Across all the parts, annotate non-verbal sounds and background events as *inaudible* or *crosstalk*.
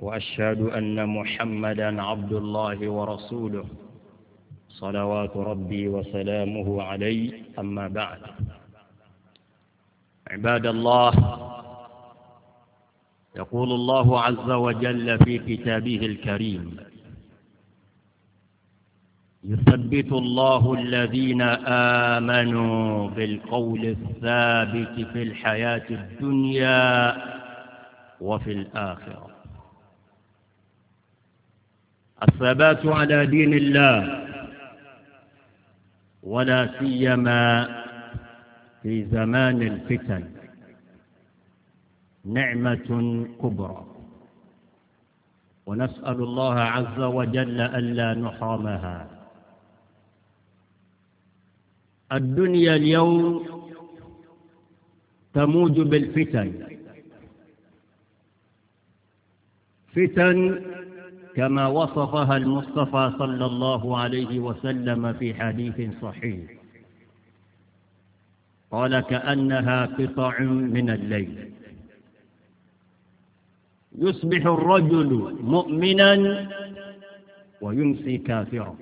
وأشهد أن محمدا عبد الله ورسوله صلوات ربي وسلامه عليه أما بعد عباد الله يقول الله عز وجل في كتابه الكريم يثبت الله الذين آمنوا بالقول الثابت في الحياة الدنيا وفي الآخرة الثبات على دين الله ولا سيما في زمان الفتن نعمة كبرى ونسأل الله عز وجل ألا نحرمها الدنيا اليوم تموج بالفتن فتن كما وصفها المصطفى صلى الله عليه وسلم في حديث صحيح قال كأنها قطع من الليل يصبح الرجل مؤمنا ويمسي كافرا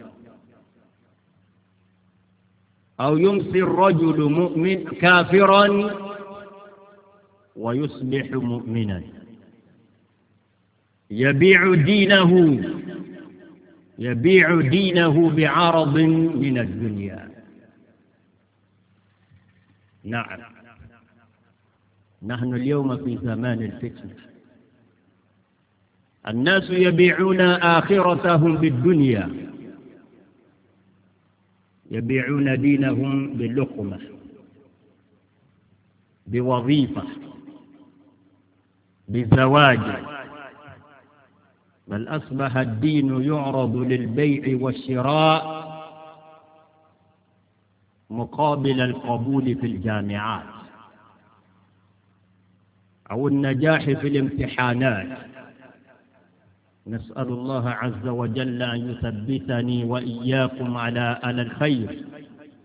أو يمسي الرجل مؤمن كافرا ويصبح مؤمنا يبيع دينه يبيع دينه بعرض من الدنيا نعم نحن اليوم في زمان الفتنة الناس يبيعون آخرتهم بالدنيا يبيعون دينهم باللقمة بوظيفة بزواج بل أصبح الدين يعرض للبيع والشراء مقابل القبول في الجامعات أو النجاح في الامتحانات نسأل الله عز وجل أن يثبتني وإياكم على على الخير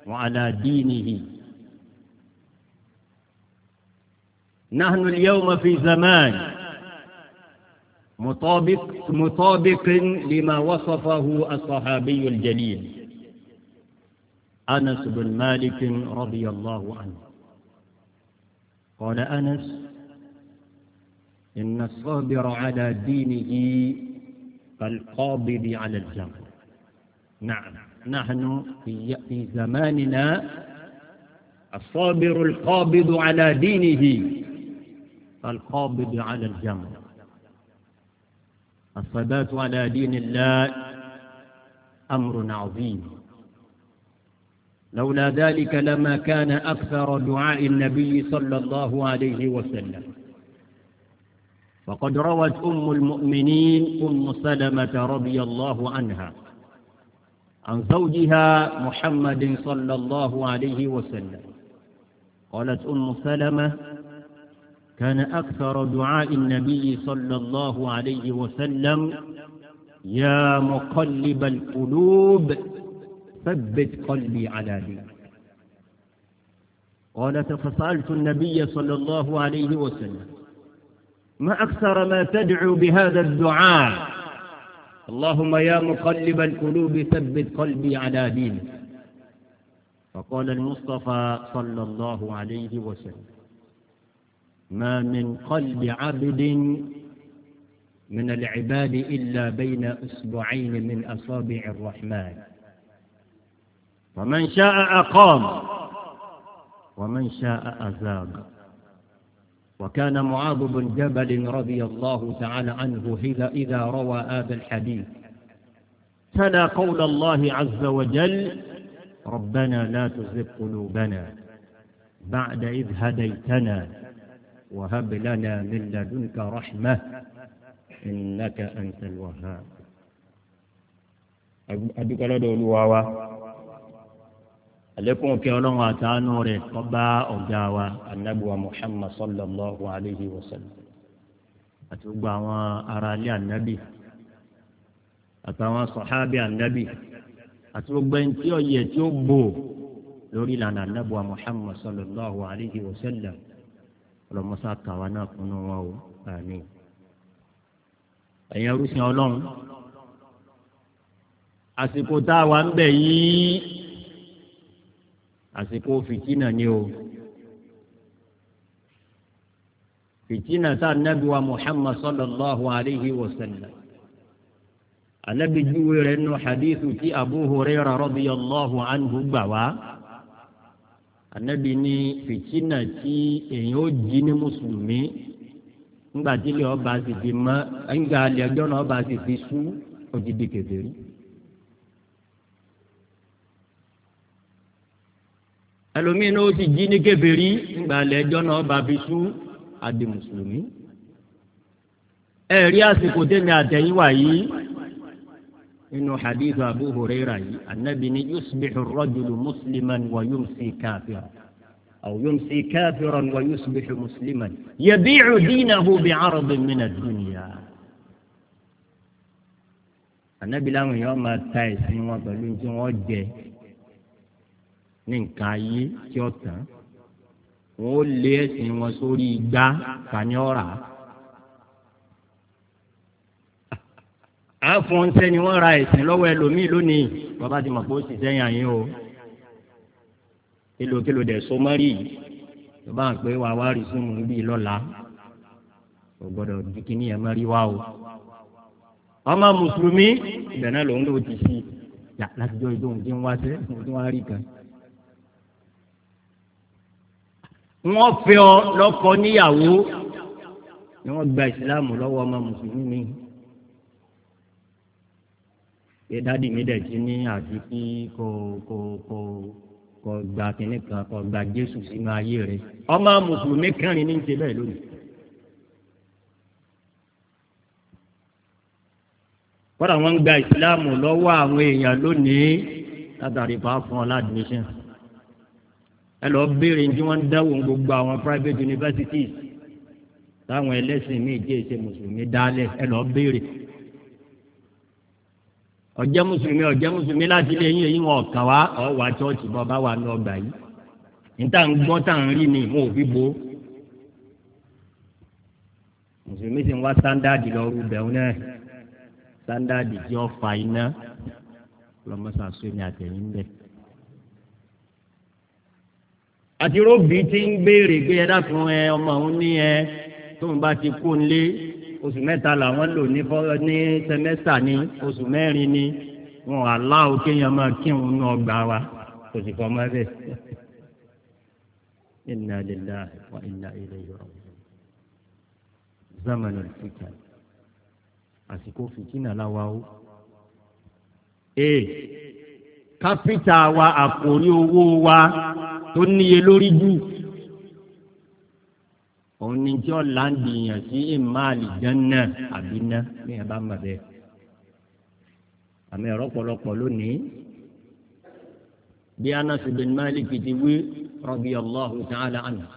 وعلى دينه نحن اليوم في زمان مطابق مطابق لما وصفه الصحابي الجليل أنس بن مالك رضي الله عنه قال أنس إن الصابر على دينه كالقابض على الجمل نعم نحن في زماننا الصابر القابض على دينه القابض على الجمل الثبات على دين الله أمر عظيم لولا ذلك لما كان أكثر دعاء النبي صلى الله عليه وسلم وقد روت أم المؤمنين أم سلمة رضي الله عنها عن زوجها محمد صلى الله عليه وسلم قالت أم سلمة كان أكثر دعاء النبي صلى الله عليه وسلم يا مقلب القلوب ثبت قلبي على دينك قالت فسألت النبي صلى الله عليه وسلم ما أكثر ما تدعو بهذا الدعاء اللهم يا مقلب القلوب ثبت قلبي على دينك فقال المصطفى صلى الله عليه وسلم ما من قلب عبد من العباد إلا بين أسبوعين من أصابع الرحمن ومن شاء أقام ومن شاء أزاغ وكان معاذ بن جبل رضي الله تعالى عنه إذا روى هذا الحديث تلا قول الله عز وجل ربنا لا تزغ قلوبنا بعد إذ هديتنا وهب لنا من لدنك رحمة إنك أنت الوهاب adúpẹ́ lọ́dọ̀ olúwa wa àlékún òkè ọlọ́run àtàánú rẹ̀ kọ́ba ọ̀gá wa anábùwà muhammad sallallahu alayhi wa sallam àti gbogbo àwọn ará ilé ànábì àtàwọn sọ̀hábì ànábì àti gbogbo ẹni tí ó yẹ tí ó bò lórí ìlànà anábùwà muhammad sallallahu alayhi wa sallam ọlọmọsá kàwa náà kúnú wọn o àní. ẹ̀yin arúgbó ọlọ́run àsìkò tá a wà ń bẹ̀ yìí àsìkò fìtínà ni o. fìtínà tá a nábì wa Muhammad sallallahu alayhi wa sallam. Ànábì júwe rẹ̀ nù ti Abu Hurairah radiyallahu anhu gbà anabi ní fìtínà tí èyàn ó jí ní mùsùlùmí ńgbà tí ilé ọba sì ti mọ ńgbà alẹ́ ọjọ́ náà ọba sì ti sú òdìdí kèfèrí. ẹlòmíì náà ó sì jí ní kèfèrí ńgbà alẹ́ ọjọ́ náà ọba fi sú àdè mùsùlùmí. ẹ̀rí àsìkò tẹ̀mí àtẹ̀yìnwá yìí. إنه حديث أبو هريرة النبي يصبح الرجل مسلما ويمسي كافرا أو يمسي كافرا ويصبح مسلما يبيع دينه بعرض من الدنيا النبي لا يوم التايس من وضعين جوجة من كاي جوتا وليس من وصوري جا فانيورا àfọ̀nsẹ́ ni wọ́n ra ẹ̀sìn lọ́wọ́ ẹlòmíì lónìí bàbá ti mọ̀ pé ó sì sẹ́yìn àyín o kílòkílò dẹ̀ so mọ́rí yìí bàbá ń pè wá wá rí sínú ibi lọ́la kò gbọ́dọ̀ kíní ẹ̀ mọ́rí wá o. ọmọ mùsùlùmí ibẹ̀ náà lòun ló ti sí yà látijọ́ ìdóhùn tí ń wá sẹ́ fún tí wọ́n á rí kan. wọ́n fẹ́ ọ lọ́kọ níyàwó ni wọ́n gba ìsìláàmù lọ́wọ́ ọmọ mùsùlùmí mi pé dádì mi dẹ̀ ti ní àti kí ko, ko, kò ko gba kínní kan kò gba Jésù sínú ayé rẹ̀ ọmọ mùsùlùmí kẹrin ní ń ṣe bẹ́ẹ̀ lónìí. kódà wọ́n ń gba ìsìláàmù lọ́wọ́ àwọn èèyàn lónìí látàrí pa fún ẹ lọ béèrè tí wọ́n ń dáwọ́ gbogbo àwọn private universities táwọn ẹlẹ́sìn míì jẹ́ ìṣe mùsùlùmí dálẹ̀ ẹ lọ béèrè ọ̀jẹ́ mùsùlùmí ọ̀jẹ́ mùsùlùmí láti ilé yín èyí wọn ọ̀kà wá ọ̀wà chọ́ọ̀chì bọ́ bá wà ní ọgbà yìí níta ń gbọ́ tá à ń rí ni wọn ò fi bo mùsùlùmí sì ń wá sáńdáàdì lọ rú bẹ̀rù náà sáńdáàdì tí ó fa iná lọ́mọ́sàsó ni àtẹ̀yìn bẹ́ẹ̀ àti róbì tí ń béèrè pé ẹ dákun ẹ ọmọ òun ní ẹ tóun bá ti kó ń oṣù mẹ́ta làwọn lò ní ní sẹmẹ́sà ní oṣù mẹ́rin ní wọn aláwo kéèyàn máa kírun ní ọgbà wa kò sì fọmọ bẹ́ẹ̀. *laughs* inna lillahi wa inna ilayhi raji'un zamanul fitan àsìkò fìtínà làwa o. ee kápítà wa àkórí owó wa tó níye lórí jù òun ni tí wọn là ń dìyàn sí ìmáàlì jẹnà àbí ná ní ẹ bá mọ àmì ẹ̀rọ pọ̀lọpọ̀ lónìí bí Anas bin Malik ti wí radiyallahu ta'ala anhu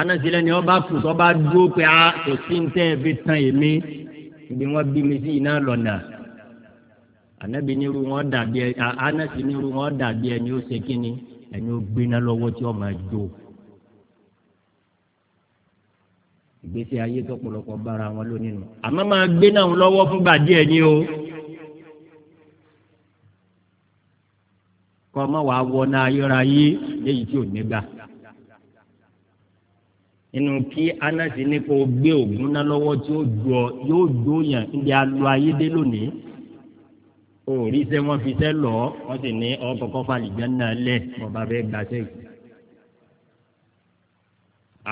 anasilẹ ni ọba kù tọba dúró pé a kò sí ń tẹ ẹ fi tán èmi ibi wọn bí mi sí iná lọnà anabi niru wọn dàbí ẹ anasi niru wọn dàbí ẹ ó ṣe kíni ẹni ó gbiná lọ́wọ́ tí ó máa jó. ìgbésí ayé tó pọ̀lọpọ̀ bára wọn lónìí nù. àmọ́ máa gbé náà lọ́wọ́ fúngbà díẹ̀ ni o. kọ́ ọ má wàá wọná ayérayé léyìí tí ò ní gbà. inú kí anasi ní kó gbé ògùn náà lọ́wọ́ tí ó ju ọ yóò dóyàn níbi alo ayé dé lónìí. òòrí sẹ́ fi sẹ́ lọ wọ́n sì ní ọkọ̀ọ̀kọ̀ falìjẹ́ náà lẹ̀ bọ́ba fẹ́ gbàṣẹ́ yìí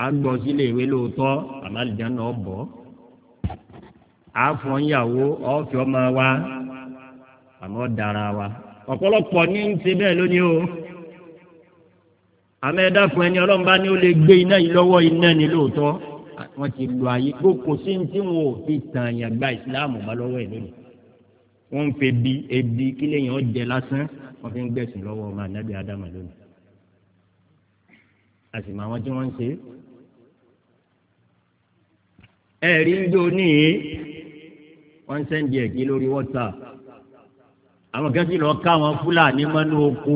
àgbọ̀ sílé ìwé lóòótọ́ àmọ́ àlìjáná ọ̀bọ̀ àfọ̀nyàwó ọ̀fẹ́ ọmọ wa àmọ́ dára wa ọ̀pọ̀lọpọ̀ ní ń ṣe bẹ́ẹ̀ lónìí o àmọ́ ẹni ọlọ́mọba ni ó lè gbé iná yìí lọ́wọ́ iná ni lóòótọ́ wọ́n ti lu ayé kó kò sí ní tí wọn ò fi tàn yàn gba ìsìláàmù bá lọ́wọ́ ẹ̀ lónìí wọ́n ń fẹ́ bi ebi kí lèyìn ó jẹ lásán wọ́n fi ń gbẹ̀sìn lọ́wọ́ ọmọ anábì ádámà lónìí àsìmọ̀ àwọn tí wọ́n ń ṣe ẹ̀rí ń jó ní wọ́n ń sẹ́ndì ẹ̀kí lórí WhatsApp àwọn kẹ́sì lọ ká àwọn fúlàní mọ́nú oko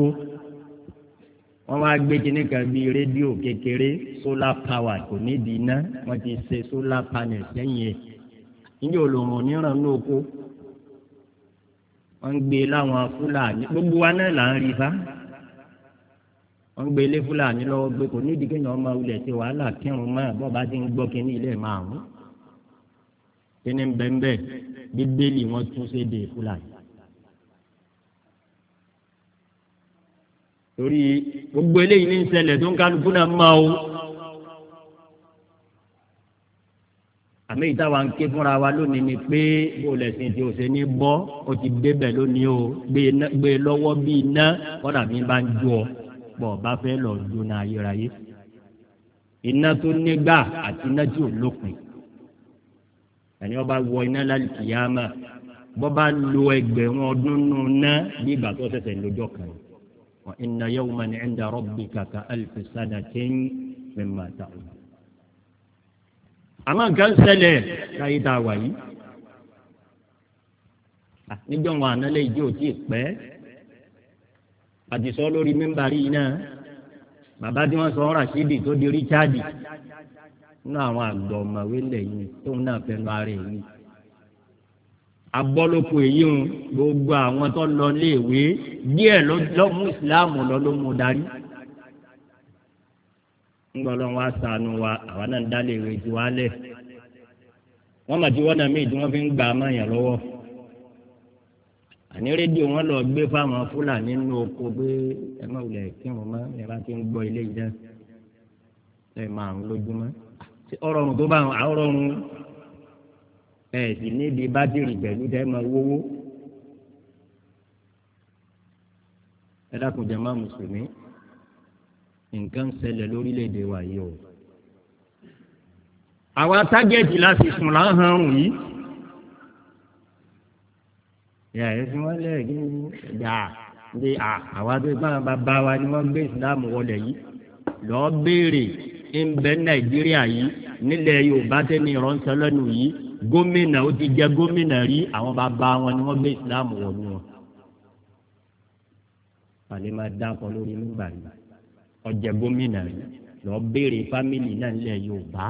wọ́n wá gbé kinní kan bíi rédíò kékeré solar power kò ní di iná wọ́n ti ṣe solar panel sẹ́yìn ẹ̀ níjẹ́ olóhùn oníran ní oko wọ́n ń gbé láwọn fúlàní gbogbo wa náà là ń rí bá wọ́n ń gbé ilé fúlàní lọ́wọ́ gbé kò ní kéèyàn máa wulẹ̀ ṣe wàhálà kírun máa bọ́ọ̀ bá ti ń gbọ́ kinní ilé márùn-ún kíni bẹ́ẹ̀nbẹ́ẹ́ bíbélì wọn tún ṣe dé fúlàní. torí gbogbo eléyìí ní ṣẹlẹ̀ tó ń kálukú náà máa o. àmì ìtawà ń ké fúnra wa lónìí ni pé bó lẹ̀sìn tí o ṣe ní bọ́ o ti débẹ̀ lónìí o gbé e lọ́wọ́ bí iná kọ́dà mi bá ń jó ọ pọ̀ bá fẹ́ lọ jóná ayérayé. iná tó nígbà àti iná tí ò lópin ẹni ọba wọ iná lálùkìyàmà bọ́ba lo ẹgbẹ̀rún ọdún nù ná bí ìgbà tó ṣẹ̀ṣẹ̀ lójọ́ kan wa inna yawman 'inda rabbika ka alfi sanatin mimma ta'ud. àmọ́ nǹkan ṣẹlẹ̀ káyé tá a wà yìí níjọ́ wọn àná lè jẹ́ pẹ́ àdìsọ́ lórí mímbàrí náà bàbá tí wọ́n sọ ọ́ ràṣídì tó di ríṣáàdì nínú àwọn àgbà ọ̀mọ̀wé lẹ̀ yìí tóun náà fẹ́ lọ ara èyí. abọ́lóko èyí ń gbogbo àwọn tó lọ léèwé díẹ̀ lọ́mú ìsìláàmù lọ ló mú darí. ńgbọ́ lọ́n sànù wa àwa náà ń dá léèwé ju wa lẹ̀. wọ́n mà ti wọ́nà míì tí wọ́n fi ń gbà á mọ̀yàn lọ́wọ́. àní rédíò wọn lọ gbé fáwọn fúlàní nínú oko pé ẹ má wulẹ̀ kí wọn má ẹ bá ti ń gbọ́ ilé ìdá ẹ máa ń lójúmọ́ ọrọrùn tó bá wọn àrọrùn ẹ sì níbi bátìrì pẹ̀lú tẹ́ máa wówó. ẹ dákun jàmá mùsùlùmí nǹkan ṣẹlẹ̀ lórílẹ̀‐èdè wa yìí o. àwa tágẹ́ẹ̀tì láti sùn láhàn yìí. ìyá ẹ fi wọn lẹ kí ni ìyá ní àwa tó gbọ́n wa ni wọ́n gbé ìsìlámù wọlé yìí lọ́ọ́ béèrè ń bẹ nàìjíríà yìí nílẹ̀ yorùbá tẹ́ni ìrọ̀nsẹ́ lẹ́nu yìí gómìnà ó ti jẹ́ gómìnà rí àwọn bàbá wọn ni wọ́n gbé ìsìláàmù wọ̀nú wọn. pàlẹ́ máa dá ọkọ lórí nígbà yìí ọjẹ́ gómìnà rí lọ béèrè fámìlì náà nílẹ̀ yorùbá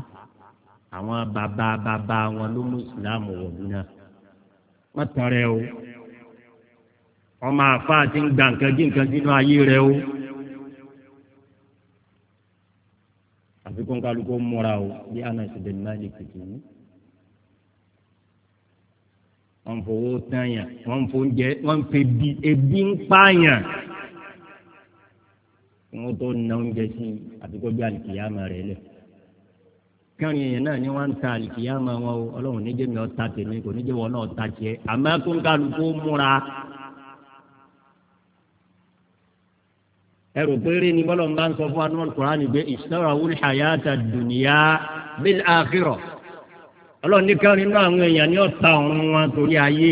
àwọn bàbá bàbá wọn ló mú ìsìláàmù wọ̀nú náà. wọ́n tọrẹ o ọmọ àfa ti ń gba nǹkan jí nǹkan sínú ayé rẹ o. àfikún kálukó múra o bí Anas bin Malik ti ní. wọ́n ń fowó tányà wọ́n ń fóúnjẹ wọ́n ń fi bí ebi ń pààyàn. wọ́n tó na oúnjẹ sí àfikún bí alìkìyàmà rẹ̀ lẹ̀. kẹrin èèyàn náà ni wọ́n ń ta alìkìyàmà wọn o ọlọ́run níjẹ́ mi ọ́ ta tèmi kò níjẹ́ wọn náà ta tiẹ̀ àmọ́ kó kálukó múra. ẹrù péré ni bọ́lọ̀ ń bá ń sọ fún anúmọ̀lù kùránì pé ìṣẹ́ra wúlì àyàtà dùnìyà bíl àkírọ̀ ọlọ́run ní káwọn nínú àwọn èèyàn ní ọ̀tá ọ̀run wọn torí ayé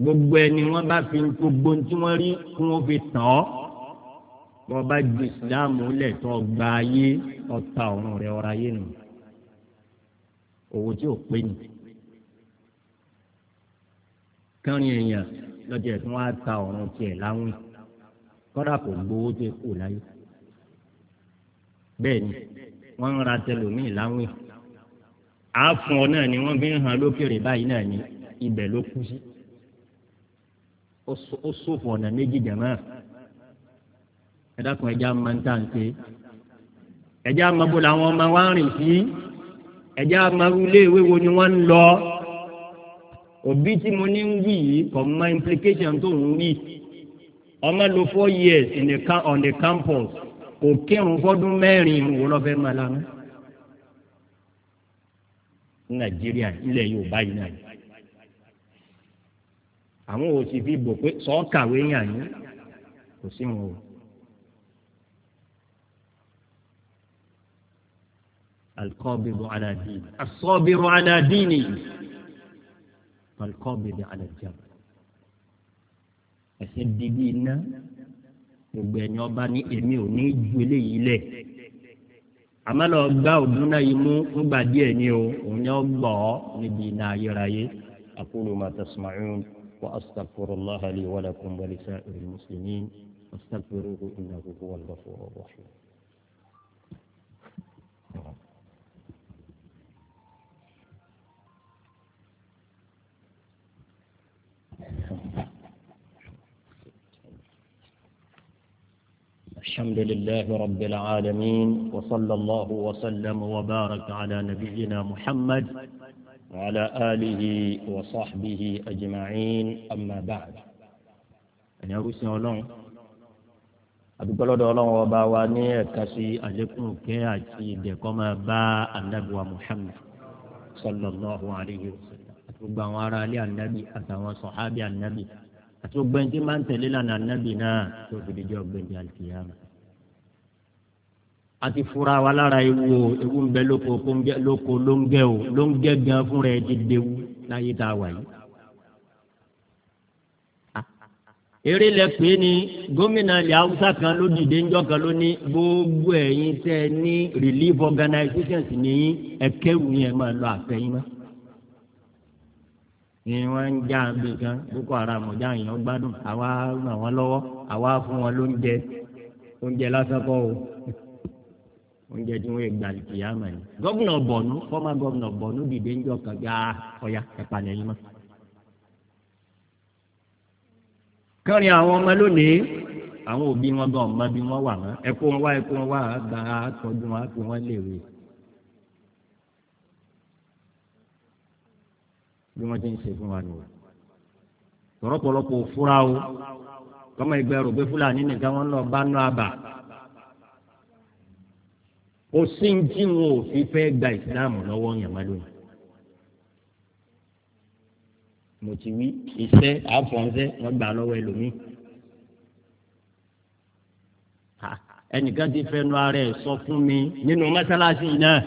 gbogbo ẹni wọn bá fi gbogbo tí wọn rí kí wọn fi tàn ọ́ bọ́ bá ju ìsìláàmù lẹ̀ tó gba ayé ọ̀tá ọ̀run rẹ̀ ọ̀rọ̀ ayé nù owó tí ò pé ni káwọn èèyàn lọ́jọ́ ẹ̀ tí ta ọ̀run tiẹ̀ láwìn kọ́dà kò gbowó tó kù láyé bẹ́ẹ̀ ni wọ́n ń ra tẹlómìn láwìn àáfọ̀ náà ni wọ́n fi ń hàn lókèrè báyìí náà ni ibẹ̀ ló kú sí ó sòfò ọ̀nà méjì jẹ̀mọ́ ẹ dákun ẹja máa ń tà ẹja máa làwọn ọmọ wa ń rìn sí ẹja máa ń wo ni wọ́n ń lọ òbí tí mo ní ń wí yìí kò mọ implication tó ń wí ọmọ lo four years in the camp on the campus kò kírun fọdún mẹ́rin ìrùn lọ fẹ́ máa lanu nàìjíríà ilẹ̀ yorùbá yìí náà àwọn ò sì fi bò pé sọ́ọ̀kàwé yàn yín kò sí wọn o. القابض aladini, دينه الصابر على دينه ẹsẹ̀ di bí iná gbogbo ẹni ọba ní èmi ò ní ju eléyìí lẹ̀ àmọ́ lọ gbá òdún náà yìí mú fúngbà díẹ̀ ni o òun ni ó gbọ́ níbi iná ayérayé aqulu ma wa astaghfirullaha li wa lakum wa lisa'iril muslimin astaghfiruhu innahu huwal الحمد لله رب العالمين وصلى الله وسلم وبارك على نبينا محمد وعلى آله وصحبه أجمعين أما بعد أن يرسل الله adugbọlọdọ Ọlọ́run ọba wa ní ẹ̀ka sí àlékún òkè àti ìdẹkọ máa bá anabi wa muhammed sallallahu alayhi wa sallam àti gbogbo àwọn ará ilé anabi àtàwọn sọhábì anabi àti ògbẹ́ntì máa ń tẹ̀lé lànà ànábì náà tó fi dijọ́ ògbẹ́ntì àlùkìyàmù. àti fura wa lára ewu o ewu ń bẹ lóko lóko ló ń gẹ o ló ń gẹ gan fún rẹ ti dewu láyé tá a wà yìí. eré lẹ pé ni gómìnà ilẹ̀ haúsá kan ló dìde ńjọ́ kan ló ní gbogbo ẹ̀yin tẹ́ ní relief organizations nìyí ẹ̀kẹ́rù yẹn máa lọ àfẹ́yìn máa ni wọ́n ń já àgbè kan boko haram ọjà èèyàn gbádùn àwa ràn wọ́n lọ́wọ́ àwa fún wọn lóúnjẹ oúnjẹ lásán kọ́ o oúnjẹ tí wọ́n yẹ gbàlì kìyàmà ni. gómìnà bọ̀nú fọ́mà gómìnà bọ̀nú dìde ń jọ kàn gbà ah, ọ̀yà ẹ̀pàdé yìí mọ́. kẹrin àwọn ọmọ lónìí àwọn òbí wọn gan ọmọ bí wọn wà mọ ẹkọ wọn wá ẹkọ wọn wá àgbà àtọjú wọn àti wọn léèrè. bí wọ́n ti ń ṣe fún wa nù. tọ̀rọ̀pọ̀lọpọ̀ fúra o kọ́mọ ìgbẹ́ rò pé fúlàní nìkan wọn lọ bá nù àbà. ó sì ń jí wọn ò fi fẹ́ gba ìsìláàmù lọ́wọ́ yàmá lónìí. mo ti wí iṣẹ́ àfọ̀nṣẹ́ wọ́n gbà lọ́wọ́ ẹlòmíì. ẹnìkan ti fẹ́ nu ara ẹ̀ sọ fún mi nínú mọ́sálásí náà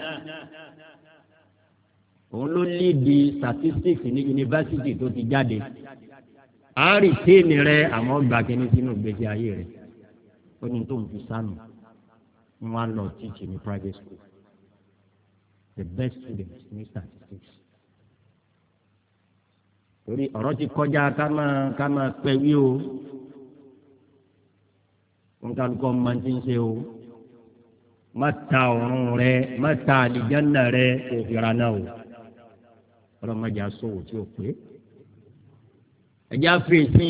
òun ló lídi statistics ní yunifásitì tó ti jáde àárí téèni rẹ àmọ́ gba kínní sínú gbèsè ayé rẹ ó ní tó ń fi sánù wọn lọ teach ní private school the best students ní statistics torí ọ̀rọ̀ ti kọjá ká máa ká máa pẹ́ wí o nkálukọ́ máa ti ń ṣe o má ta ọ̀run rẹ má ta àlìjánná rẹ kò fìrànà o ọlọ́mọdé asọ̀wò tí ò pé ẹ̀já fèsì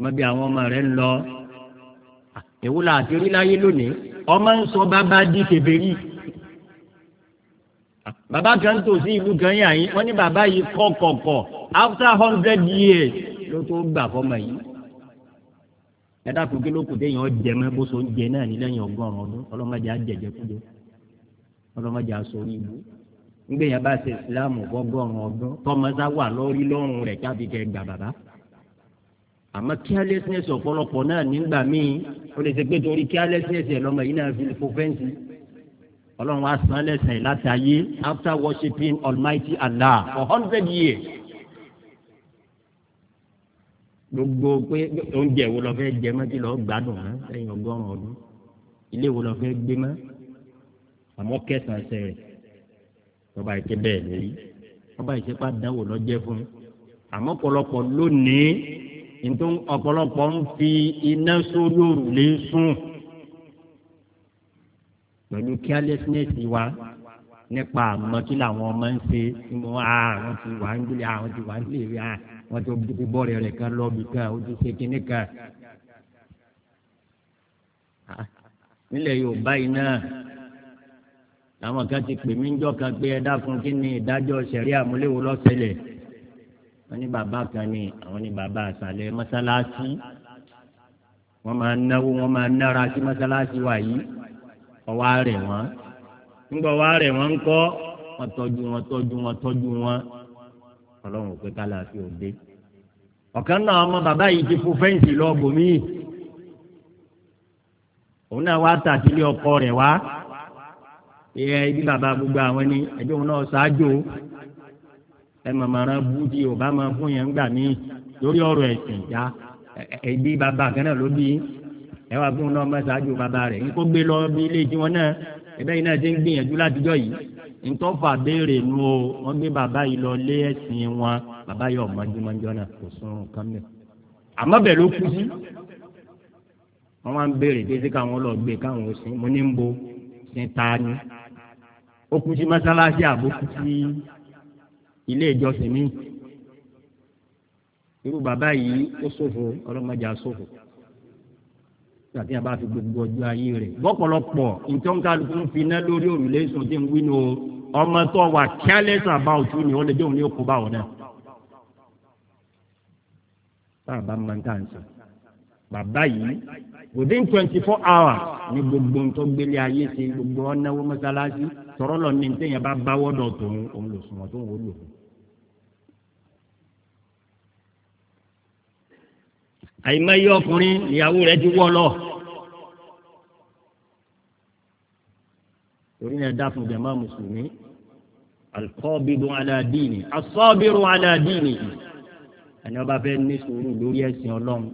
mọ bí àwọn ọmọ rẹ̀ ń lọ ìwúlò àti oríláyé lónìí ọmọ ń sọ bàbá di kèbèrè bàbá kan tó sí ìlú kan yà yín wọ́n ní bàbá yìí kọ́ kọ̀kọ̀ after hundred years ló tó gbà fọmọ yìí ẹ dákun ló kù téèyàn jẹmọ bó so ń jẹ náà ní lẹ́yìn ọgọ́rùn ọdún ọlọmọdé á jẹjẹ kújẹ ọlọmọdé á sọ orí ìlú ngbẹ̀yìn bá ṣe ìsìláàmù bọ́gọ́rùn ọdún tọmọdé wà lórí lọ́rùn rẹ̀ káfí kẹ gbà bàbá. àmọ́ carelessness ọ̀pọ̀lọpọ̀ náà nígbà míì ó lè ṣe pé torí carelessness ẹ̀ lọ́mọ yìí náà fi fò fẹ́ǹsì. ọlọ́run wa san lẹ́sẹ̀ láti ayé after worshiping almighty allah for hundred years. gbogbo pé oúnjẹ wo lọ fẹ́ jẹ mọ́ tí lọ́ọ́ gbádùn mọ́ lẹ́yìn ọgọ́rùn-ún ọdún ilé wo lọ fẹ́ gbé mọ́ àmọ́ kẹsàn-án sẹ́rẹ̀ tọ́ba yìí ké bẹ́ẹ̀ lérí tọ́ba yìí ké pa dáwò lọ́jẹ́ fún àmọ́ ọ̀pọ̀lọpọ̀ lónìí nítorí ọ̀pọ̀lọpọ̀ ń fi iná sólóòrù lé sùn pẹ̀lú carelessness wa nípa àmọ́ kí làwọn ọmọ ń ṣe tí mo á àwọn ti wà ń gbélé àwọn ah, ti wà ń lè rí à wọ́n ti fi bọ́ọ̀lù rẹ̀ kan lọ́ọ̀bì kan ó ṣe kinní kan. Ah, nílẹ̀ Yorùbá yìí náà làwọn kan ti pè mí ńjọ́ kan pé ẹ dákun kí ni ìdájọ́ sẹ̀rí àmúléwò lọ́sẹ̀lẹ̀ wọ́n ní bàbá kan ní àwọn ní bàbá àṣàlẹ̀ mọ́sálásí wọ́n máa ń náwó wọ́n máa ń nára sí mọ́sálásí wa yìí ọwọ́ rẹ̀ wọ́n ńgbọ́ ọwọ́ rẹ̀ wọ́n ń kọ́ wọ́n tọ́jú wọn tọ́jú wọn tọ́jú wọn ọlọ́run òpè kálá fi òde ọ̀kan náà ọmọ bàbá yìí ti fún fẹ́ǹsì lọ́ọ̀bù míì òun náà wá tàtílé ọkọ rẹ̀ wá yẹ ibi bàbá gbogbo àwọn ni ẹjọ́ wọn náà ṣáájú ẹ màmàrà búdí ò bá máa fún yẹn ń gbà mí lórí ọ̀rọ̀ ẹ̀sìn já ibi bàbá kan náà ló bí ẹ wá fún un náà má ṣáájú bàbá rẹ̀ ń kó gbé lọ bí ilé tí wọn náà ẹ̀bẹ̀ yìí náà ti ń gbìyànjú látijọ́ yìí ntọ́fà béèrè nu o wọ́n gbé bàbá yìí lọ lé ẹ̀sìn wọn bàbá yìí ọ̀mọ́júmọ́jọ́ náà kò sún nǹkan mẹ́ àmọ́ bẹ̀ ló kú sí wọ́n wá ń béèrè pé sí káwọn lọ gbé káwọn ò sìn mo ní ń bo sin ta ó kú sí mọ́sálásí àbókú sí ilé ìjọsìn mi irú bàbá yìí ó ṣòfò ọlọ́mọdé àṣòfò tàbí a bá fi gbogbo ọjọ́ ayé rẹ̀ bọ́pọ̀lọpọ̀ ìtọ́nkálukú ń finá lórí òrùlé sùn tí ń wí ní o ọmọ tó wà careless about you ni ó lè dé òun ní òkú báwọn náà tá a bá ń tà ń sọ bàbá yìí within twenty four hours ni gbogbo ń tó gbélé ayé ṣe gbogbo ọ̀nàwó mọ́sálásí tọ̀rọ̀ lọ ní ntẹ̀yìn bá báwọ́ dọ̀ tòun òun lò sùn wọ́n tó ń wò lò. àyìnbáyé ọkùnrin ìyàwó rẹ̀ ti wọ́ lọ. torí náà dáfún jàmá mùsùlùmí alikọ́bìdù aládìní asọ́bìrù aládìní ẹni ọba fẹ́ ní sùúrù lórí ẹ̀sìn ọlọ́run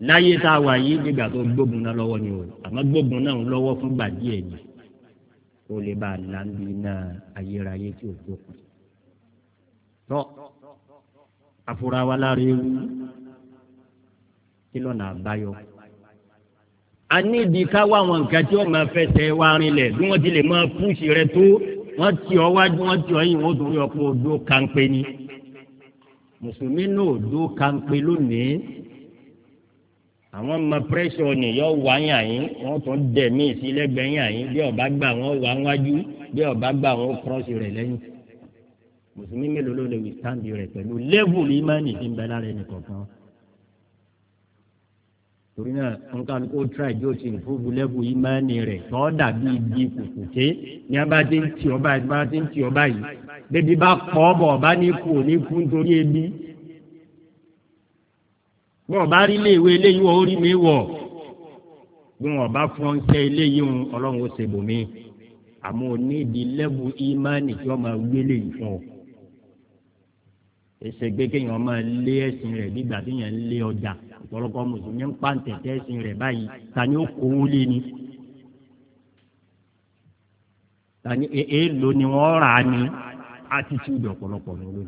láyé tá a wà yìí nígbà tó gbógun náà lọ́wọ́ ni o àmọ́ gbógun náà lọ́wọ́ fún gbà díẹ̀ ni o lè bá a là ń bi náà ayérayé tí o gbókun. tọ́ àfúráwá lára ewu kí lọ́nà àbáyọ. a ní ibi ká wá àwọn nǹkan tí wọ́n máa fẹsẹ̀ wá rinlẹ̀ bí wọ́n ti lè máa púùsì rẹ tó wọ́n ti ọ wájú wọ́n ti ọ yìí wọ́n torí ọkọ̀ odó kánpé ni. mùsùlùmí náà odó kánpé lónìí àwọn ọmọ pírẹsọ ni yọ wá yàn yín wọn tún dẹ míì sí lẹ́gbẹ̀ẹ́ yàn yín bí ọba gbà wọn wá wájú bí ọba gbà wọn kúrọsì rẹ lẹ́yìn mùsùlùmí mélòó ló lè wí sáǹdì rẹ pẹ̀lú lẹ́vùlù ìmánì tí ń bẹ lára ẹnì kọ̀ọ̀kan torí náà wọn kàn kó tíra ìjọ ti ìfowópamọ́ lẹ́vù ìmánì rẹ tọ́ dàbí ibi kùkùté ní abá ti ń tì ọba yìí bébí bá pọ̀ ọ̀bọ̀ ọba ní kú òní kú nítorí ebi bí wọn bá rí iléèwé eléyìí wọn ó rí mi wọ bí wọn bá fún ọńṣẹ eléyìí wọn ọlọ́run ó ṣe bòmí àmọ́ onídìí lẹ́bù ìmánì tí wọ́n máa gbé lè fún ọ. èsè gbé kéèyàn máa lé ẹ̀sìn rẹ̀ nígbà tí yẹn ń lé ọjà ọ̀pọ̀lọpọ̀ mùsùlùmí ń pa ntẹ̀tẹ̀ ẹ̀sìn rẹ̀ báyìí ta ni ó kówó lé ni. ta ni e, èèlò ni wọ́n rà á ní attitude ọ̀pọ̀lọpọ̀ lórí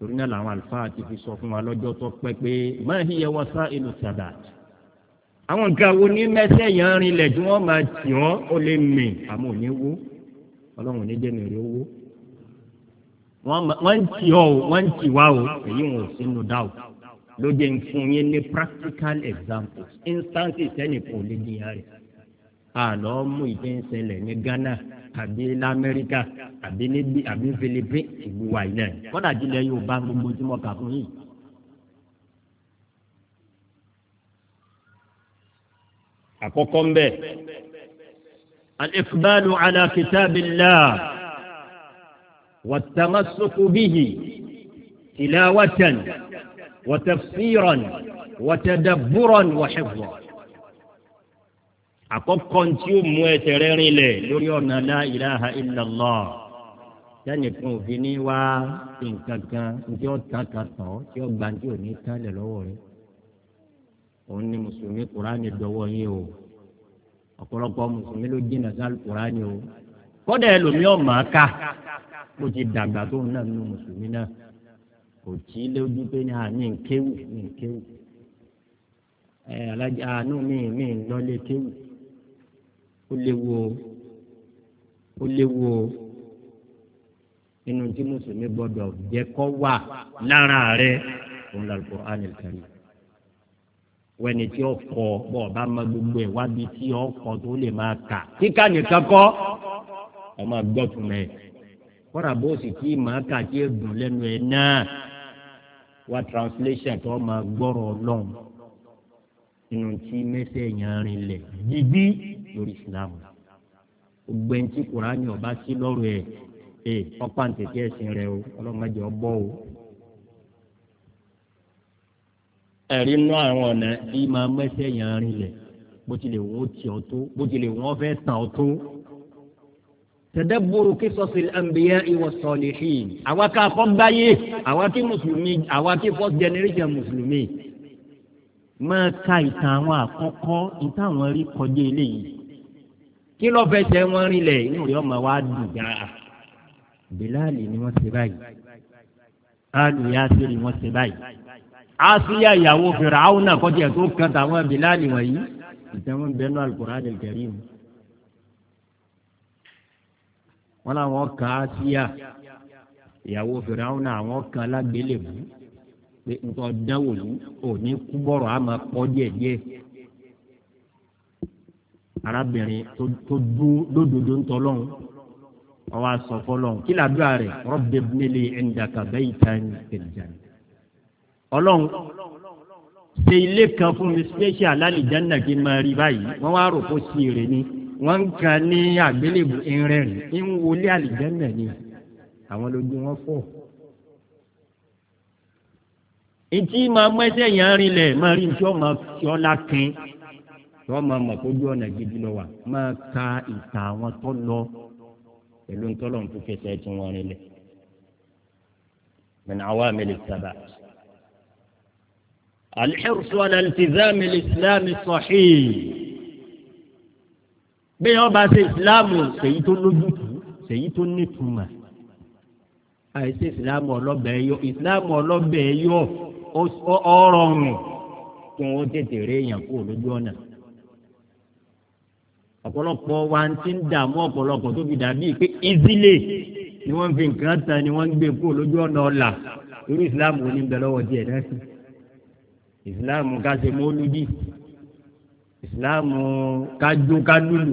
torí náà làwọn àlùfáà ti fi sọ fún wa lọ́jọ́ tó pẹ́ pé máa hi yẹ wọ́sá ìlú sàdà. àwọn nǹkan wo ní mẹ́sẹ̀ yẹn rinlẹ̀ tí wọ́n máa tì ọ́ ó lè mì àmọ́ òní wó ọlọ́run òní jẹ́ mèrè owó. wọ́n ń tì ọ́ o wọ́n ń tì wá o èyí wọn ò sínú dá o ló jẹ́ ń fún yín ní practical examples instances ẹnì kò lè jiyàn rẹ̀ àlọ́ mú ìdí ń ṣẹlẹ̀ ní Ghana àbí lamẹ́ríkà àbí níbi àbí Philippine ìlú wa náà kọ́dà jílẹ̀ yóò bá gbogbo tí mo kà fún yìí. àkọ́kọ́ ń bẹ̀ al ala kitabillah wat-tamassuku tilawatan wa tafsiran wa àkọ́kọ́ tí ó mú ẹsẹ̀ rẹ̀ rinlẹ̀ lórí ọ̀nà la ilaha illallah sẹ́nìkan òfin ní wá nǹkan kan tí ó tán kan tán tí ó gba tí ò ní tán lẹ̀ lọ́wọ́ rẹ̀ òun ni mùsùlùmí kùránì dọwọ́ yín o ọ̀pọ̀lọpọ̀ mùsùlùmí ló jìnnà sáà kùránì o kọ́dà ẹlòmí ọ̀mà ká bó ti dàgbà tó ń nànú mùsùlùmí náà kò tí lójú pé ní àní ń kéwù ní ń kéwù ẹ alájà àánú mi mi ń lọlé kéwù ó léwu o ó léwu o inú tí mùsùlùmí gbọ́dọ̀ jẹ́ kó wà lára rẹ̀ òun là Al-Qur'an al-Karim wẹni tí ó kọ bọ ọba ma gbogbo ẹ wábi tí ó kọ tó lè máa kà kíkà nìkan kọ́ ọ máa gbọ́ tún mẹ kọ́ra bó sì kí màá kà kí èdùn lẹ́nu ẹ̀ náà wá translation tó máa gbọ́rọ̀ ọlọ́run nínú tí mẹ́sẹ̀ yẹn rinlẹ̀ jíjí lórí islam gbogbo ẹni tí kùránì ọba sí lọ́rùn ẹ̀ ẹ̀ ọ̀pá ntẹ̀tẹ̀ ẹ̀sìn rẹ̀ o ọlọ́mọdé ọbọ̀ o. ẹ̀rí nú àwọn ọ̀nà tí máa mẹ́sẹ̀ yàn rinlẹ̀ bó tilẹ̀ wọ́n ti ọ̀ tó bó tilẹ̀ wọ́n fẹ́ tàn ọ́ tó. tadabburu qisasil anbiya'i was-salihin àwa ká kọ́ báyé àwa kí mùsùlùmí àwa kí first generation mùsùlùmí máa ka ìtàn àwọn àkọ́kọ́ ìtàn àwọn rí kọjá eléyìí kí lọ́ọ́ fẹsẹ̀ wọn rinlẹ̀ inú rẹ̀ ọmọ wa dùn gbàrà bíláàlì ni wọ́n ṣe báyìí áàlù yásírì wọ́n ṣe báyìí àṣìyà ìyàwó fèrè àwọn náà kọjá tó kàn táwọn bíláàlì wọ̀nyí ìtẹ́wọ́n bẹ́ẹ̀ náà Al-Qur'an al-Karim wọn làwọn kan àṣìyà ìyàwó fèrè àwọn àwọn kan lágbélébùú pé nǹkan dánwò òní kú àmọ́ pọ́ díẹ̀díẹ̀ arábìnrin tó dú lódodo ń tọ́lọ́hún ọwọ́ aṣọ fọlọ́hún kí làdúrà rẹ̀ rọ́bì nílé ẹ̀ńdàkà bẹ́ẹ̀ ìta ìjà ni. ọlọ́hun ṣe ilé kan fún mi special lálìjáná kí n máa rí báyìí wọ́n wá rò kó sí rè ni wọ́n ń kan ní àgbélébù ìrẹ́rìn ń wọlé àlìjáná ni àwọn lójú wọn fọ́ ìtì máa mú ẹsẹ̀ yẹn rinlẹ̀ máa rí ní máa fi ọ́ lákin tí wọ́n máa mọ̀ kójú ọ̀nà gidi lọ wà máa ka ìta àwọn tó lọ pẹ̀lú ntọ́lọ̀ tó fẹsẹ̀ tí wọ́n rìn lẹ̀. من عوامل الثبات الحرص على التزام الإسلام الصحيح bí wọ́n bá ṣe ìsìláàmù ṣèyí tó lójútùú ṣèyí tó nítumọ̀ àìsí ìsìláàmù ọlọ́bẹ̀ yọ ìsìláàmù ọlọ́bẹ̀ yọ ọ̀rọ̀ ọ̀rùn kí wọ́n tètè rí èèyàn kúrò lójú ọ̀nà ọ̀pọ̀lọpọ̀ wa ti ń dààmú ọ̀pọ̀lọpọ̀ tó fi dàbí pé ìzílẹ̀ ni wọ́n fi nǹkan tan ni wọ́n ń gbé kúrò lójú ọ̀nà ọ̀la irú ìsìláàmù ò ní bẹ lọ́wọ́ díẹ̀ náà sí ìsìláàmù ká ṣe mọ́lúdì ìsìláàmù ká jó ká lùlù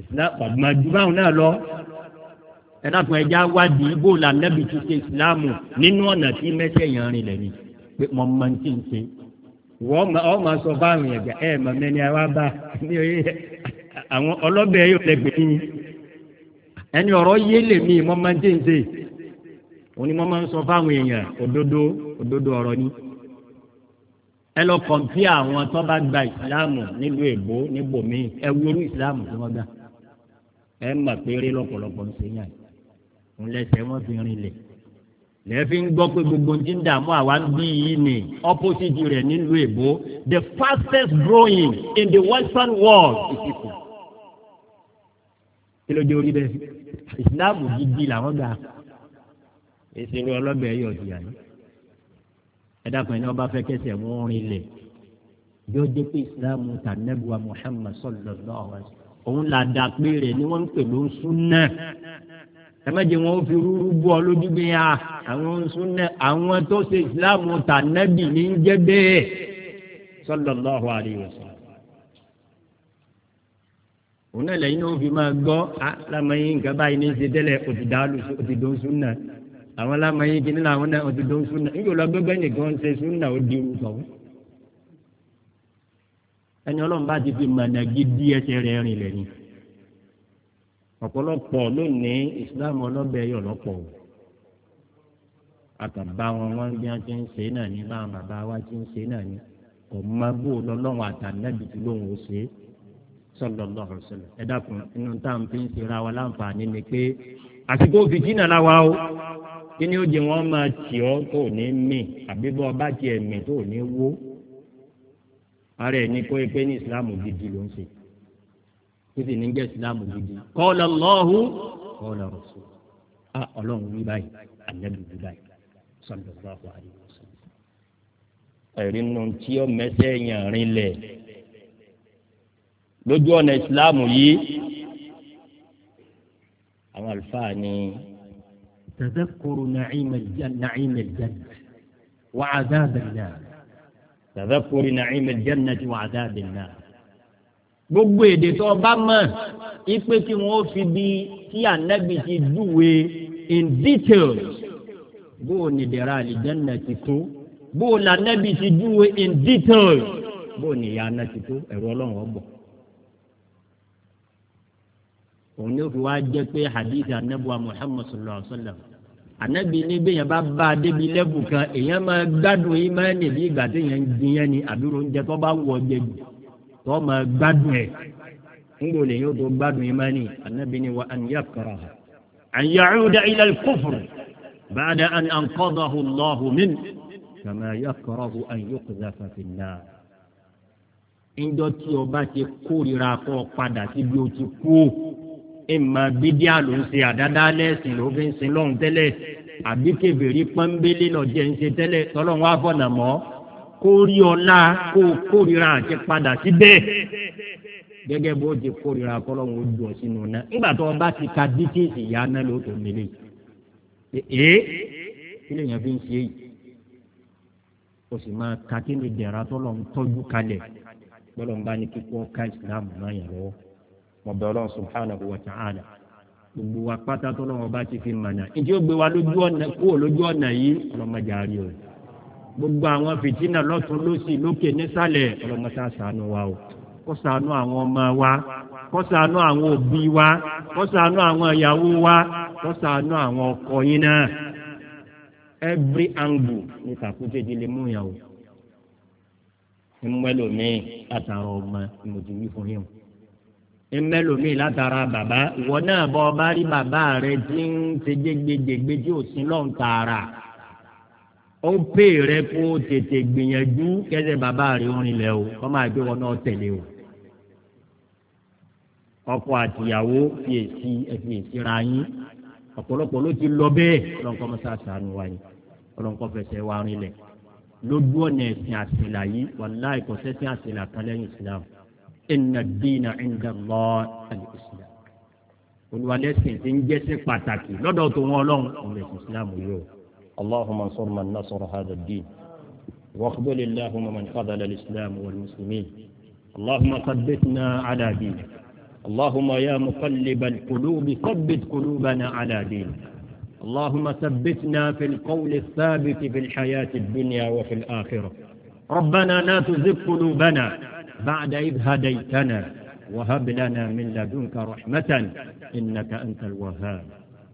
ìsìláàmù àgbàjú báwọn náà lọ ẹ dákun ẹja wádìí ibo là nẹ́bi ti ṣe ìsìláàmù nínú ọ̀nà tí mẹ́sẹ̀ yẹn rìn lẹ́ni pé mo máa ń ti ń ṣe wọ́n máa sọ báwọn ẹ̀jẹ̀ ẹ̀ mọ̀ ẹ wá bá mi *laughs* ò àwọn ọlọ́bẹ̀ yóò lẹ́gbẹ̀ẹ́ yín ẹni ọ̀rọ̀ yé lè mí mọ́ máa ń jẹ́ǹde òun ni wọ́n máa ń sọ fáwọn èèyàn òdodo òdodo ọ̀rọ̀ ni ẹ lọ kọ̀ǹpì àwọn tó bá gba ìsìláàmù nílùú èbó níbòmí ẹ wúrú ìsìláàmù tí wọ́n gbà ẹ mà péré lọ́pọ̀lọpọ̀ ń ṣe yàn ń lẹ́sẹ̀ wọ́n fi rinlẹ̀ lẹ́ẹ̀fi ń gbọ́ pé gbogbo ti ń dààmú àwa bí yìí ni opposite rẹ̀ nílùú èbó the fastest growing in the western world is Islam kí ló dé orí bẹ́ẹ̀ ìsìláàmù gidi làwọn gbà èsì rí ọlọ́bẹ̀ ẹ̀yọ̀ ìyá yìí ẹ̀dá kan ní ọba fẹ́ kẹsẹ̀ mú orin lẹ̀ yóò dé pé ìsìláàmù tànẹ́bùwà Muhammad sallallahu alaihi wasallam òun là dà pé rẹ̀ ni wọ́n ń pè ló ń súnà ẹ̀mẹ́jẹ̀ wọn ó fi rúrú bú ọ lójú bí i ah, àwọn súnà àwọn tó ṣe ìsìláàmù tànẹ́bì ní ń jẹ́ bẹ́ẹ̀ sallallahu alaihi wasallam òun náà lẹ́yìn náà fi máa gbọ́ alámọ̀yé nǹkan báyìí ní í ṣe tẹ́lẹ̀ òtìdáàlù òtìdóhùn súnà àwọn alámọ̀yé kìíní làwọn náà òtìdóhùn súnà níbi ò lọ gbẹgbẹ́ nìkan ṣe súnà ó di orúkọ wọn. ẹni ọlọ́run bá ti fi mọ̀nà gidi ẹsẹ̀ rẹ̀ rìn lẹ́yìn ọ̀pọ̀lọpọ̀ lónìí ìsìláàmù ọlọ́bẹ̀ yọ̀ lọ́pọ̀ o àtàbá wọn wọn bí wọn ti ń ṣe náà ní báwọn bàbá wa ti ń ṣe náà ní sallallahu alaihi wasallam ẹ dákun inú tá à ń fi ń wa láǹfààní ni pé àsìkò fìtínà la wa o kí ni ó di wọn máa tì ọ tó ní mì àbí bọ́ ọba tiẹ̀ mì tó ní wó ara ẹ̀ ní kó e pé ní ìsìlámù gidi ló ń ṣe títí ní jẹ́ ìsìlámù gidi qala Allahu qala rasul a ọlọ́run wí báyìí ànábì wí báyìí sallallahu alaihi wasallam ẹ̀rí nu tí ó mẹ́sẹ̀ yàn rin lẹ̀ lójú ọ̀nà ìsìláàmù yìí àwọn àlùfáà ni. tazakuru na'imel janna wa azabin naa tazakuru na'imel janna wa azabin naa gbogbo èdè tó o bá mọ̀ ipe tí wọ́n fi bí tí ànábì ti dùwé in details bó o ní dẹ̀ra àlìjẹ́nà ti tó bó lànábì ti dùwé in details bó o ní ìyá àná ti tó ẹ̀rọ ọlọ́run ọ̀bọ̀ òun ni ó fi wá jẹ́ pé hadith anabuwa muhammad sallallahu alaihi wa sallam anabi ní bẹ́yẹn bá bá a débi lẹ́bù kan èèyàn máa gbádùn yín máa nìbí ìgbà téèyàn ń jiyàn ni àbúrò oúnjẹ tó bá wọ jẹ jù tó máa gbádùn ẹ̀ ńgbò lèyìn ó tó gbádùn yín máa nì anabi ní wa an yakraha an ya'uda ila al-kufr an anqadahu Allahu min kama yakrahu an yuqdhafa fi an-nar ńjọ́ tí o bá ti kórìíra kọ́ padà síbi o ti kú ìmọ̀ bídíà ló ń ṣe àdáda lẹ́sìn ló fi ń sin lọ́hùn tẹ́lẹ̀ àbí kébèrè pọ́nbélé lọ́jẹ́ ń ṣe tẹ́lẹ̀ tọ́lọ́hún wá fọ̀nà mọ́ kó rí ọlá kó kórìíra àti padà síbẹ̀ gẹ́gẹ́ bó ti kórìíra kọ́lọ́hún ó dùn sínú náà nígbà tó bá ti ka dítìsì ìyá náà ló tó mele ee kí lèèyàn fi ń ṣe yìí o sì máa ka kí ni dẹ̀ra tọ́lọ́hún tọ́jú kalẹ̀ tọ́lọ́hún bá ní kíkọ́ ká ìsìlámù náà yàn lọ́wọ́ mọ̀bẹ́ subhanahu wa ta'ala gbogbo wa pátá tó lọ́wọ́ ti fi mànà ìdí ó gbé wa lójú ọ̀nà kúrò lójú ọ̀nà yìí ọlọ́mọdé o gbogbo àwọn fìtínà lọ́tún lọ́sì lókè nísàlẹ̀ ọlọ́mọdé àṣàánú wa o kó ṣàánú àwọn ọmọ wa kó ṣàánú àwọn òbí wa kó ṣàánú àwọn ìyàwó wa kó àwọn ọkọ yín náà every angle ní kàkúté ti lè mú yàn o ìmú ẹlòmíì àtàrà ọmọ ìmọ̀jú wí fún yín o mẹ́lòmíì látara bàbá ìwọ náà bọ́ bá rí bàbá rẹ tí ń ṣe jégbéjègbé tí ò sí lọ́n tààrà ó pè rẹ kó tètè gbìyànjú kẹsẹ̀ bàbá rẹ orin lẹ o kọ́ máa gbé wọn náà tẹ̀lé o ọkọ àtìyàwó fi èsì ẹ̀fì èsì ra yín ọ̀pọ̀lọpọ̀ ló ti lọ bẹ́ẹ̀ ọlọ́nkọ́ mọ́sá sànù wa yìí ọlọ́nkọ́ fẹsẹ̀ wa rinlẹ̀ lójú ọ̀nà ẹ̀sìn àṣìlá yìí wàláì kò إن الدين عند الله الإسلام olùwàlẹ́sìn ti ń jẹ́sẹ̀ pàtàkì lọ́dọ̀ tó اللهم انصر من نصر هذا الدين واخذل اللهم من خذل الإسلام والمسلمين اللهم ثبتنا على دينك اللهم يا مقلب القلوب ثبت قلوبنا على دينك اللهم ثبتنا في القول الثابت في الحياة الدنيا وفي الآخرة ربنا لا تزغ قلوبنا بعد إذ هديتنا وهب لنا من لدنك رحمة إنك أنت الوهاب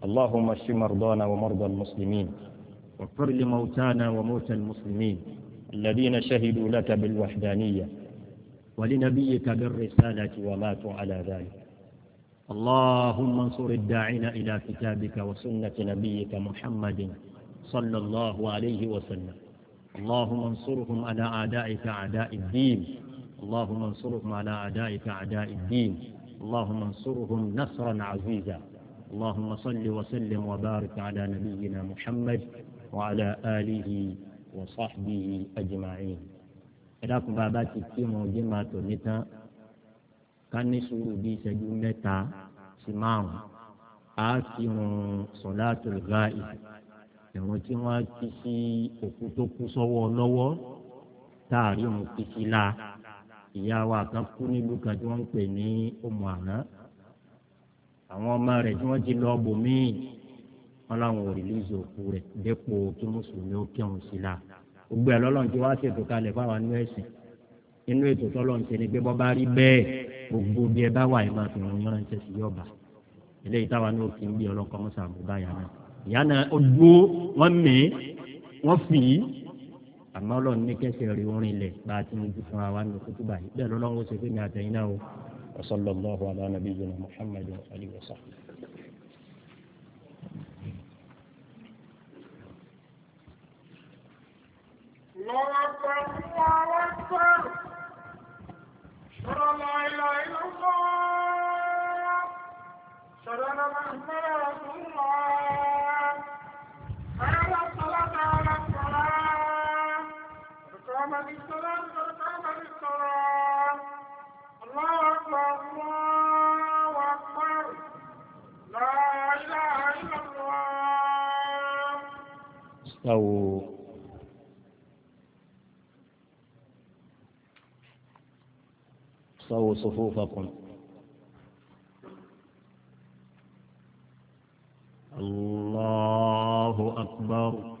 اللهم اشف مرضانا ومرضى المسلمين واغفر لموتانا وموتى المسلمين الذين شهدوا لك بالوحدانية ولنبيك بالرسالة وماتوا على ذلك اللهم انصر الداعين إلى كتابك وسنة نبيك محمد صلى الله عليه وسلم اللهم انصرهم على أعدائك أعداء الدين اللهم انصرهم على أعدائك أعداء الدين اللهم انصرهم نصرا عزيزا اللهم صل وسلم وبارك على نبينا محمد وعلى آله وصحبه أجمعين ẹdáàkùn bàbá ti kí wọn ọjọ́ máa tò ní tán ká ní sùúrù bíi ìṣẹ́jú mẹ́ta sí márùn-ún á kí wọn sọ̀láàtò gáì ẹ̀wọ̀n tí wọ́n á kí sí òkú tó kú sọ́wọ́ lọ́wọ́ táàrí wọn kí sí la ìyá wa kan kú nílùú kan tí wọ́n ń pè ní ọmọ àná àwọn ọmọ rẹ̀ tí wọ́n ti lọ bòmíì wọn làwọn ò rìlíìsì òkú rẹ̀ dépò kí mùsùlùmí ó kírun sí la gbogbo ẹ̀ lọ́lọ́run tí wọ́n á ṣètò kalẹ̀ fáwọn anú ẹ̀sìn inú ètò tọ́lọ́run ṣe ni pé bọ́ bá rí bẹ́ẹ̀ gbogbo bí ẹ bá wà yìí máa fi hàn yọ́n ránṣẹ́ sí yọ̀bà eléyìí táwọn náà kì í bí ọlọ́kọ́ mọ́sàmù báyà náà ìyá náà ó dúró wọ́n mè é wọ́n fì í àmọ́ ọlọ́run ní kẹsẹ̀ rí orin lẹ̀ bá a ti ń ju fún wa ní kútú báyìí bẹ́ẹ̀ lọ́lọ́run ó ṣe fún mi àtẹ̀yìn náà o wa sallallahu ala nabiyyina muhammadin alayhi wa sallam. الله أكبر الله أكبر أشهد أن لا إله إلا الله أشهد أن محمدا رسول الله قام بالصلاة قد قام بالصلاة الله أكبر الله أكبر لا إله إلا الله استووا استووا صفوفكم الله أكبر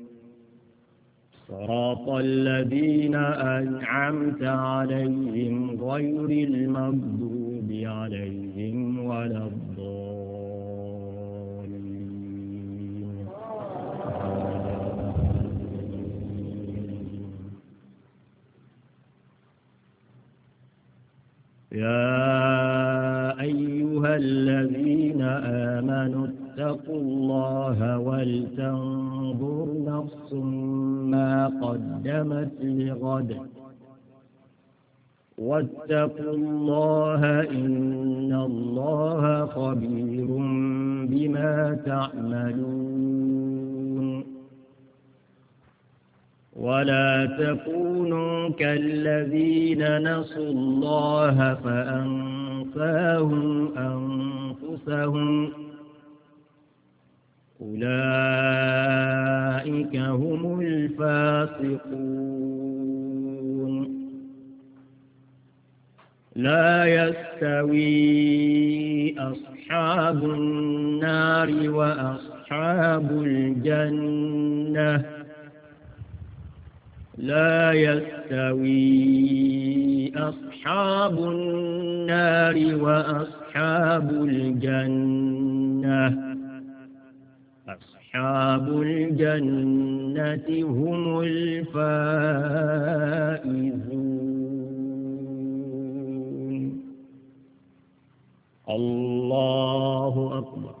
صراط الذين أنعمت عليهم غير المغضوب عليهم ولا الضالين يا أيها الذين آمنوا اتقوا الله ولتنظر نفس ما قدمت لغد واتقوا الله إن الله خبير بما تعملون ولا تكونوا كالذين نسوا الله فأنساهم أنفسهم أولئك هم الفاسقون لا يستوي أصحاب النار وأصحاب الجنة لا يستوي أصحاب النار وأصحاب الجنة أصحاب الجنة هم الفائزون الله أكبر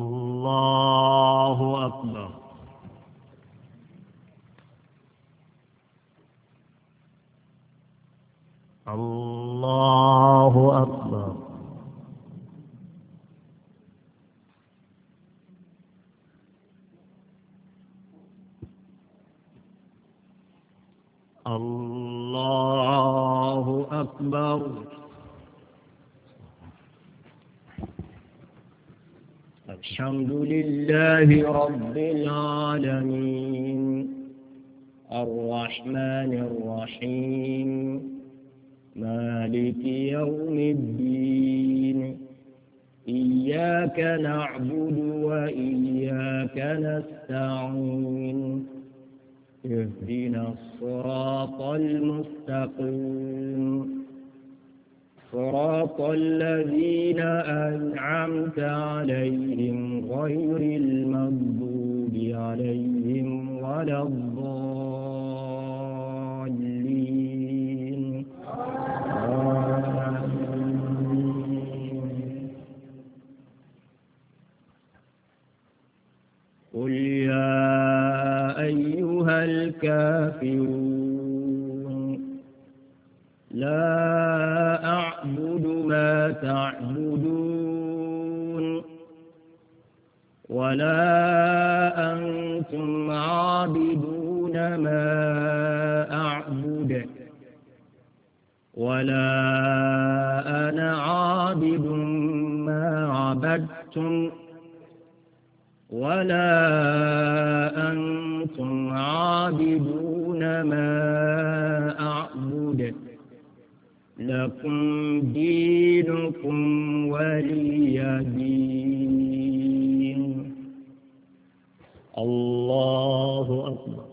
المستقيم صراط الذين أنعمت عليهم غير المغضوب عليهم ولا الضالين قل يا أيها الكافرون تعبدون ولا أنتم عابدون ما أعبد ولا أنا عابد ما عبدتم ولا أنتم عابدون ما لكم دينكم ولي دين الله أكبر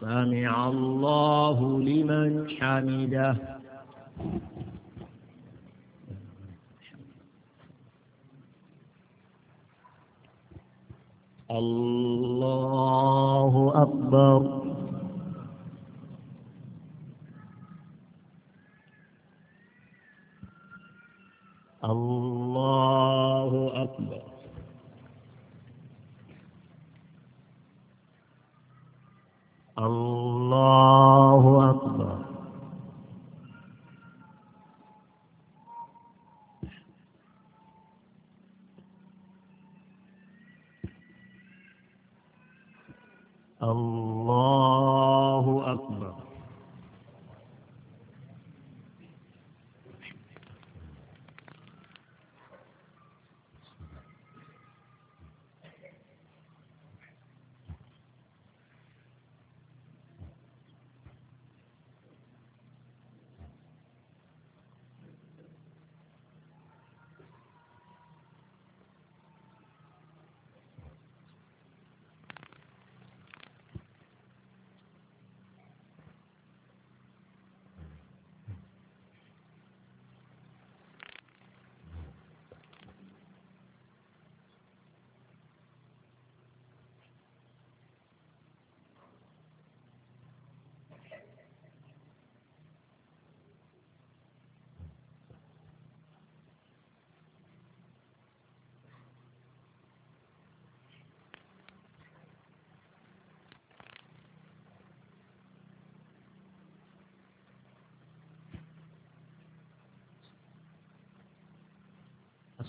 سمع الله لمن حمده الله أكبر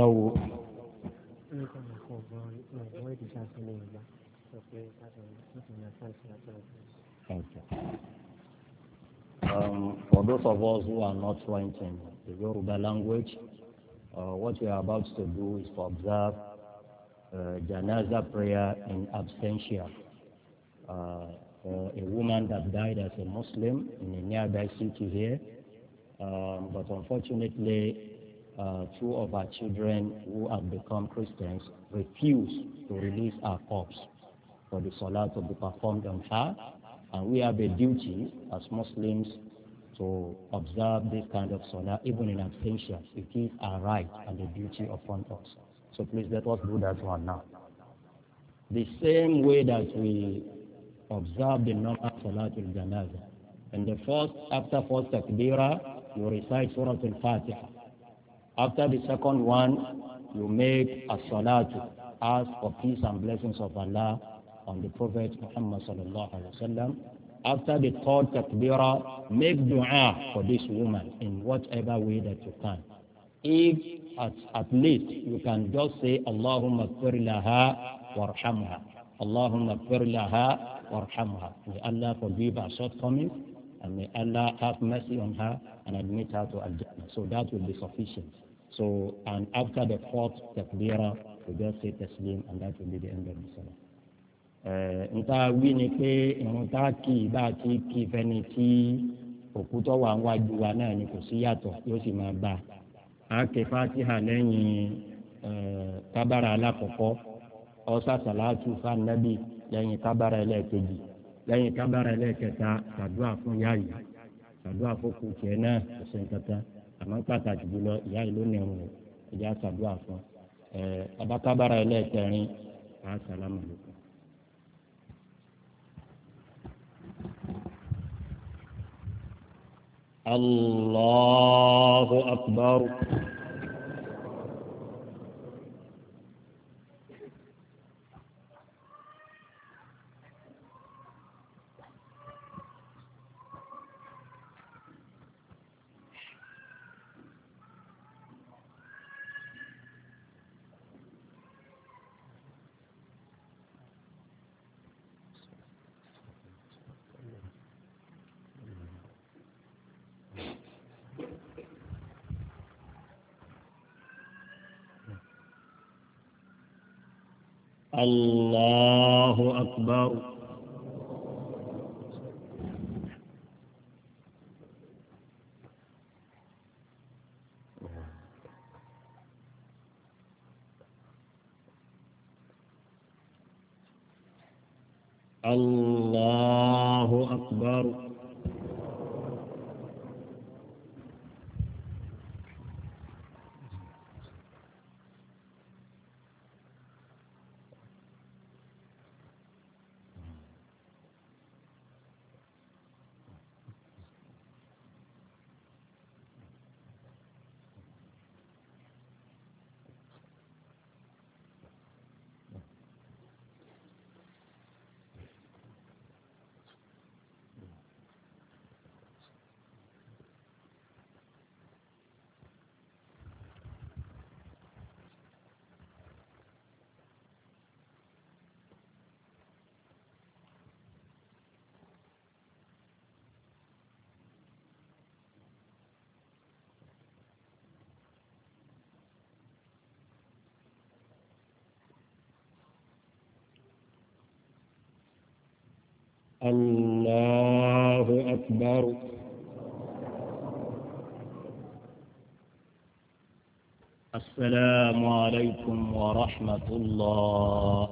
استووا Um, for those of us who are not fluent in the Yoruba language, uh, what we are about to do is to observe uh, janaza prayer in absentia. Uh, for a woman that died as a Muslim in a nearby city here, um, but unfortunately uh, two of our children who have become Christians refuse to release our corpse for the salah to be performed on her. And we have a duty as Muslims to observe this kind of salah, even in absentia. It is our right and a duty upon us. So please let us do that one now. The same way that we observe the normal salah al-janazah. And the first, after first takbirah, you recite Surah al-Fatiha. After the second one, you make a salat, ask for peace and blessings of Allah on the Prophet Muhammad sallallahu alaihi wasallam. After the third takbirah, make dua for this woman in whatever way that you can. If at, at least you can just say, Allahumma laha warhamha. Allahumma laha warhamha. May Allah forgive our shortcomings and may Allah have mercy on her and admit her to Al-Jannah. So that will be sufficient. So, and after the fourth takbira, we just say taslim and that will be the end of the salah. Eh, nta wí ni pe irun tá a kì í bá a ti kì í fẹ́ni tí wa náà ni kò sí yàtọ̀ yóò sì máa bá a. a kè fatiha lẹ́yìn eh, kábàrà alákọ̀ọ́kọ́ ọ̀sà sàlátù fanabi lẹ́yìn kábàrà ẹlẹ́ẹ̀kejì lẹ́yìn kábàrà ẹlẹ́ẹ̀kẹta ṣàdúrà fún yáyì ṣàdúrà fún kùtìẹ̀ náà kò sí nǹkan àmọ́ pàtàkì jùlọ ìyá ìlú nìrun o ìyá àṣàdúrà fún ẹ abákábára ẹlẹ́ẹ̀kẹrin àṣàlámù lókun. Allahu akbar. الله أكبر السلام عليكم ورحمة الله